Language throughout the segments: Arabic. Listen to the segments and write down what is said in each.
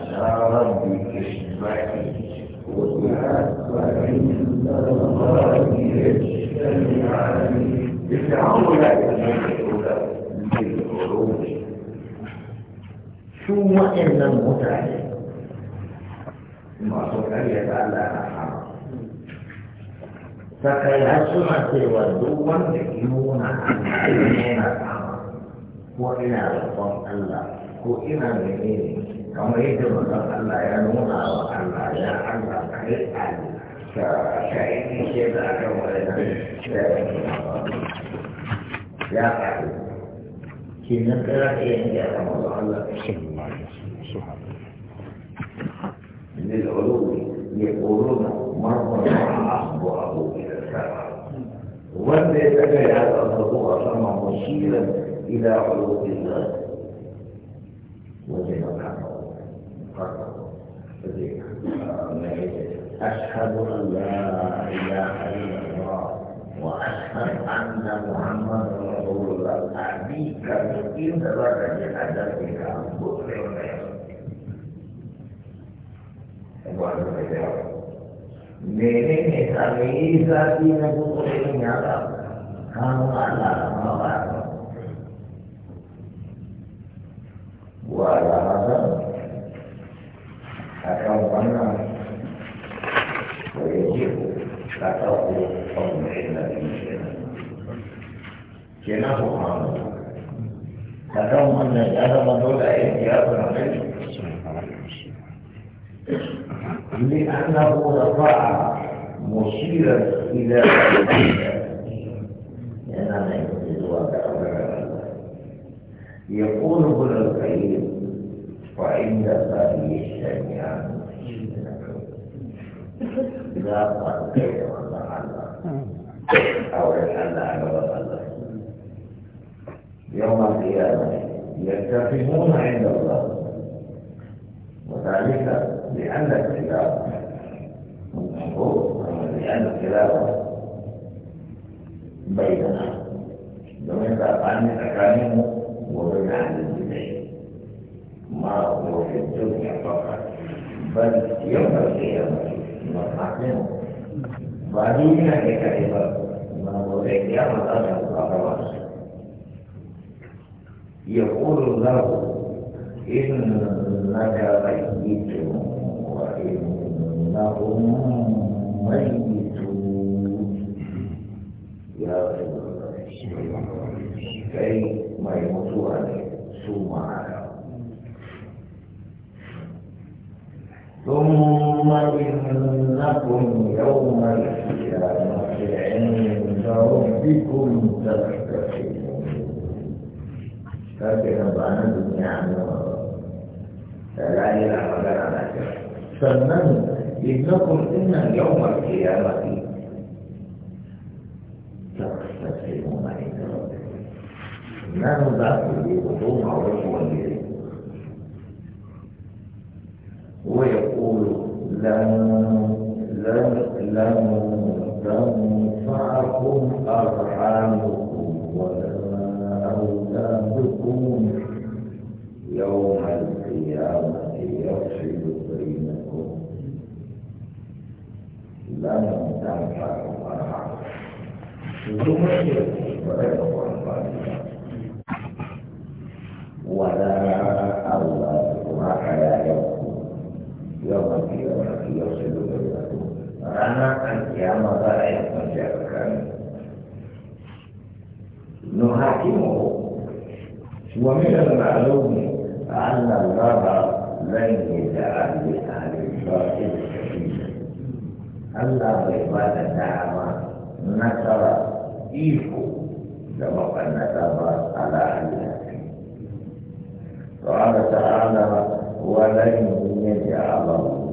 عسى ربك اشفعي ولا فإن الله يجتمعان فرعون بالخروج شو وإن المتعلم ما سكرية على أحد فكي هسمة والدوا يكون عن عيننا وإلى رب الله ko ina da ne kamar yadda manzon Allah ya nuna wa Allah ya Allah kai Allah ka ka yi ke da aka wani ya faru shi nan tsara ke yin ya kama wa Allah للعلو يقولون مرة أصبعه إلى السماء وأن يتبع هذا الرضوع سما مشيرا إلى علو الله وزي أشهد أن لا إله إلا الله وأشهد أن محمد رسول الله أعطيك إن درجة أدبك بكر Nenek kami saat ini bukan yang ada, kamu ada apa? وعلى هذا أكون ظنا ويجب أتوقع طمئنة الجنة جنة سبحانه أكون أن هذا مدول احتياط العلم لأنه رفع مشيرا إلى لأننا يقول يقول ابن عند الله الشريعة لا فرق بين وضع الله أو الحل على وضع الله يوم القيامة يتفقون عند الله وذلك لأن الخلاف لأن الخلاف بيننا ومن تقاني تقانيه وبين أهل ما في الدنيا فقط بل يوم القيامة مرحبا بعدين كتابة ما هو في القيامة أجل يقول له إنك ميت وإنهم ميتون يا رب كي ما يموتوا عليه ثم على إنكم يوم القيامة عند ربكم تختلفون فكذا بأن الدنيا لا إله ولا إله sannan innakum inna yawmal qiyamati tastasiruna inda rabbikum nan za ku yi wudu ma wasu wani ne wa yaqulu لن تنفعكم أرحامكم ولا أولادكم يوم القيامة يفصل بينكم لن تنفعكم أرحامكم ثم يقول القيامة لا يكون جابكا نحاكمه ومن المعلوم أن الله لن يجعل لأهل الباطل سبيلا الله عبادة نعمة نصر إيكو لما قد على أهلها قال تعالى ولن يجعل الله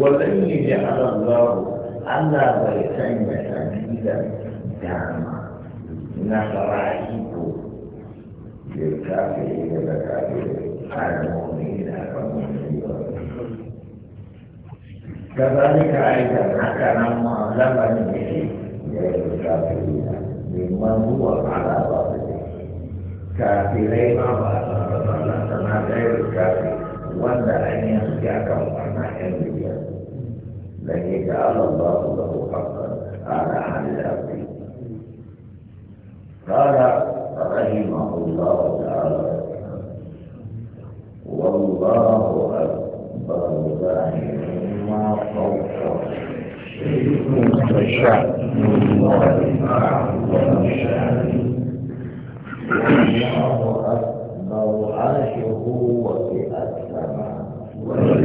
ولن يجعل الله ألا بيتين تنفيذا داما نصرائيك للكافرين والكافرين على المؤمنين والمؤمنين كذلك أيضا حتى لما لم يجد للكافرين ممن هو على باطله كافرين وعلى غير كافرين وأن أن يخشعك الرحمن يرجو لن يجعل الله له حقا على عن الأرض قال رحمه الله تعالى والله أكبر ما ظاهرهما فوق الشعب والله أعظم شأنه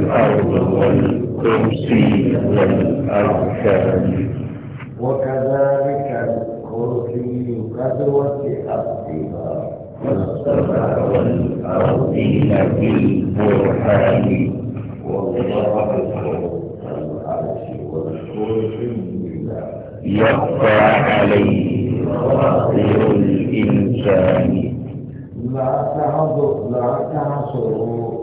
الأرض والكرسي والأركان وكذلك الكرسي قدوة أرضها والسماء والأرضين بالبرهان والله العرش والكرسي يخفى عليه خاطر الإنسان لا تحصر لا تحصره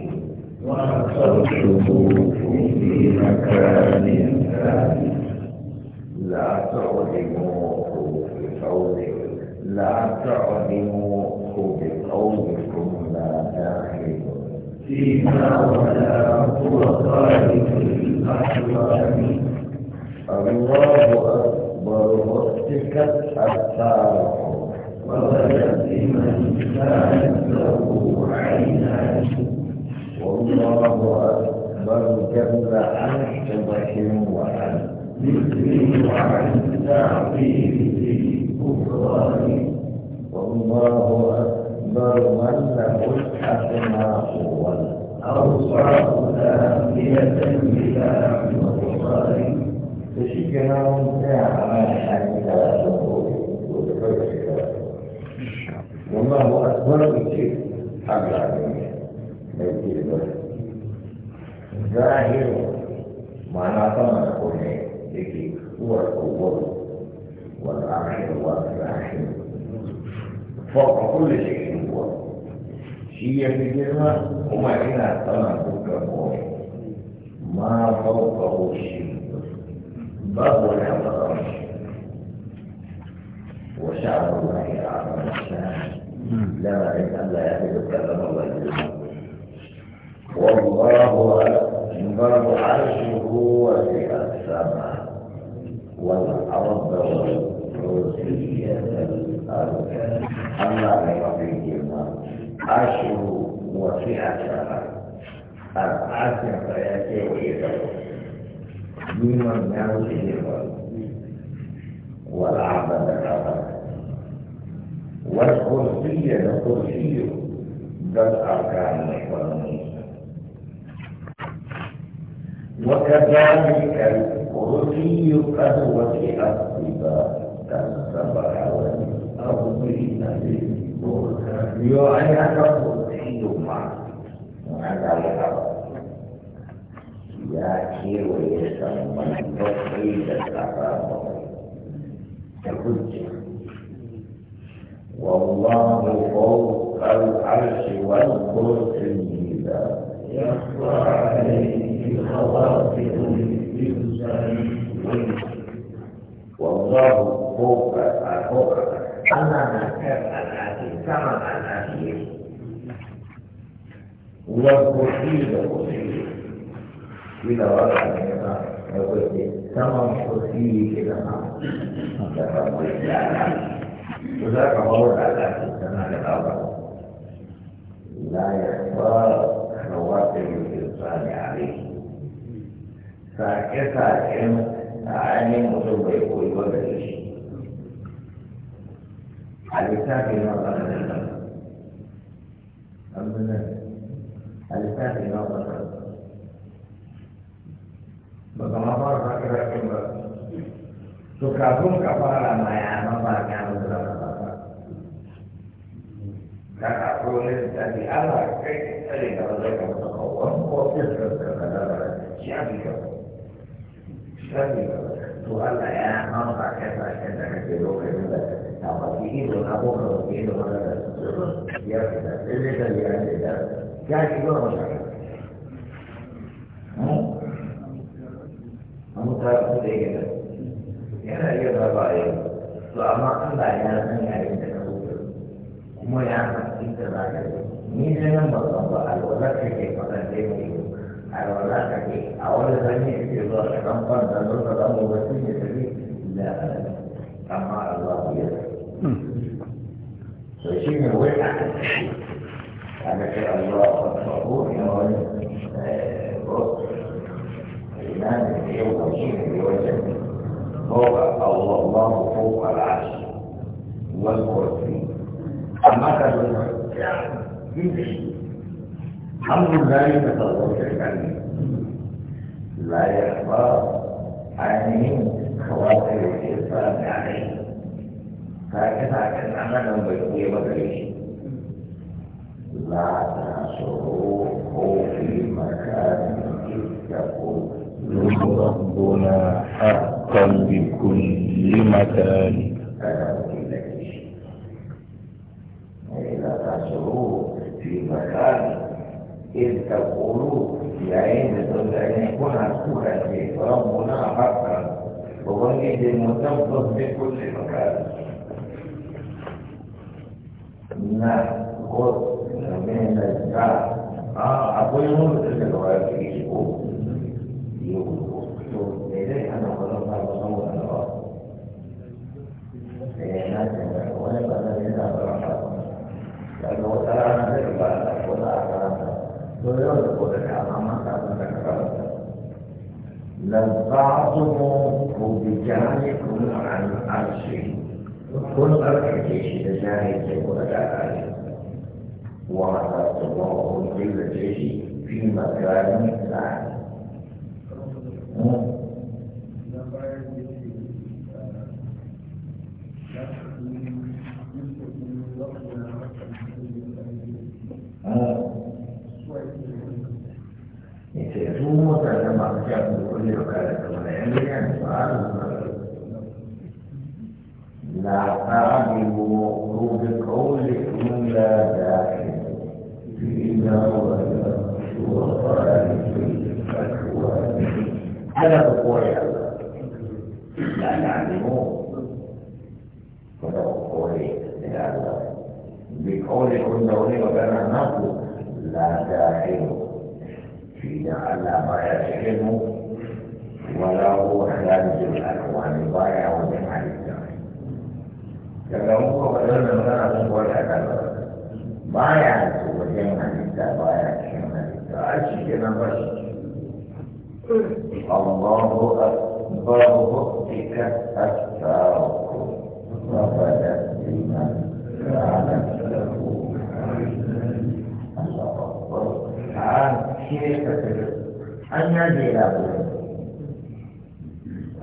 والصفوف في مكان ثاني لا تعلموه بقولكم لا تعلموه بقولكم لا تعلموه فيما ولا هو خالق الأحلام الله أكبر واتكت أثاره ووجد من كانت له عينان والله أكبر جل عن شبه وعن ذكري وعن تعظيمي كفراني والله أكبر من له الحسناء والأوصاف ثانية بلا مصاري فشكرهم تعالى حتى والله أكبر بشيء حق العالمين يجيبه ظاهر معنى طمع قوله لكي هو الأول والآخر والآخر فوق كل شيء هو شيء في جرمة وما إلى طمع قوله ما فوقه شيء باب ولا بطرش وشعر الله أعظم الشهر لما إن الله يهدد كلام الله جل العرش هو في السماء والأرض والكرسي الأرض أما ربهما عشر وفي عشرة العشر فيأتي إلى ممن يرسل والعبد العبد والكرسي الكرسي ذات أركان الإخوانية وكذلك الكرسي قد وسع الطباع فانصبح والارض للبركان يعيك الكرسي معك وعلى الارض ياتي ويسمى البخيل الحرام كالحجه والله فوق العرش والكرسي لا يخفى عليه والله فوق فوق أنا نكر العتيق كما العتيق والقصيد إذا إلى وضع النظام يقول كما القصيد إلى ما تفضل وذاك هو العتيق كما الأول لا يختار رواتب الإنسان عليه sake-saken da ainihin mutum bai koyi ba da shi a littafin na ba da a littafin na ba ba kama fara sake ba to kafin ka fara ma ya ma ba ka da sani to Allah ya mamba kaza kaza kake lokacin da ta baki ido na boka da ke da wani da ya fita sai dai kan ya ce da ya ci ba masa an ta su da yake yana iya ba ba yau to amma Allah ya san yayin da ka rufe kuma ya san inda za ka yi ni dai nan ba ba alwala kake faɗa dai mai أولا ثانية إذا كم قد نزلت الأمر بسيطة لا أبدا أما الله يدعو فشيء من وين أنا في الله مشهور يقول بص الإيمان يوم شيء بوجه فوق الله الله فوق العرش والكرسي أما كان الحمد لله تصور العلم يعني؟ لا يخفى عنهم خواطر الإنسان عليه فهكذا كان عملا بقية وبريش لا تحصروه في مكان اتقوا ربنا حقا بكل مكان لا تحصروه في مكان إذ تقولوا yayin da tsuntsaye kuna kuka ce rabbuna haka ubangiji mu tabbas bi kulli makan na ko na mai da ta a akwai wani da daga wani ko yau ko to me dai ana لبعضكم بجانكم عن عرشه كل أركتيش بجانب تقول الآية وعلى الله جل جلاله في مكان ثاني أرجع بكل وكالة والعلم سؤال لا تعلم بقول إلا داخل فينا ولا هذا وقوع لا نعلمه هذا وقوع لله بقول كل دولي وكان نقل لا داخل فيه على ما يتهمه وله خارج الألوان ضايع ومن على الدعم كما هو من غرض ولا كذا ضايع ومن على الدعم ضايع ومن الله أكبر وقتك أكثر أن يهدي إلى قلوب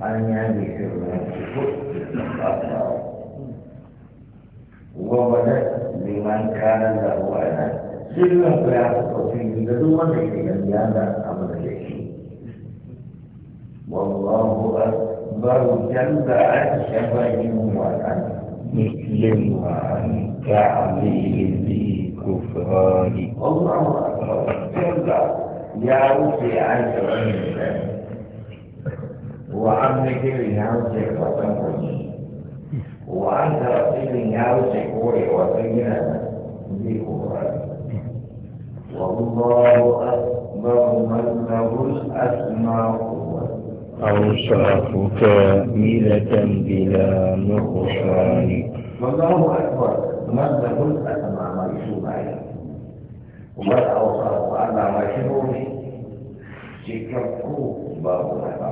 أن يهدي في قلوب وولد لمن كان له أنا سلم فيعطف فيه بدون لم يانا أمر شيء والله أكبر جل عن وأنا مسلم عن وعن تعليل كفران الله أكبر جل ya wuce aisha wannan kai wa an mikirin ya wuce kwatan kwanci wa an tarafinin ya wuce kore wasan gina zai kora والله أكبر من له الأسماء أوصاف كاملة بلا نقصان والله أكبر من له الأسماء مرسوم عليه وما الأوصاف أنا مشهور cikakku babu raba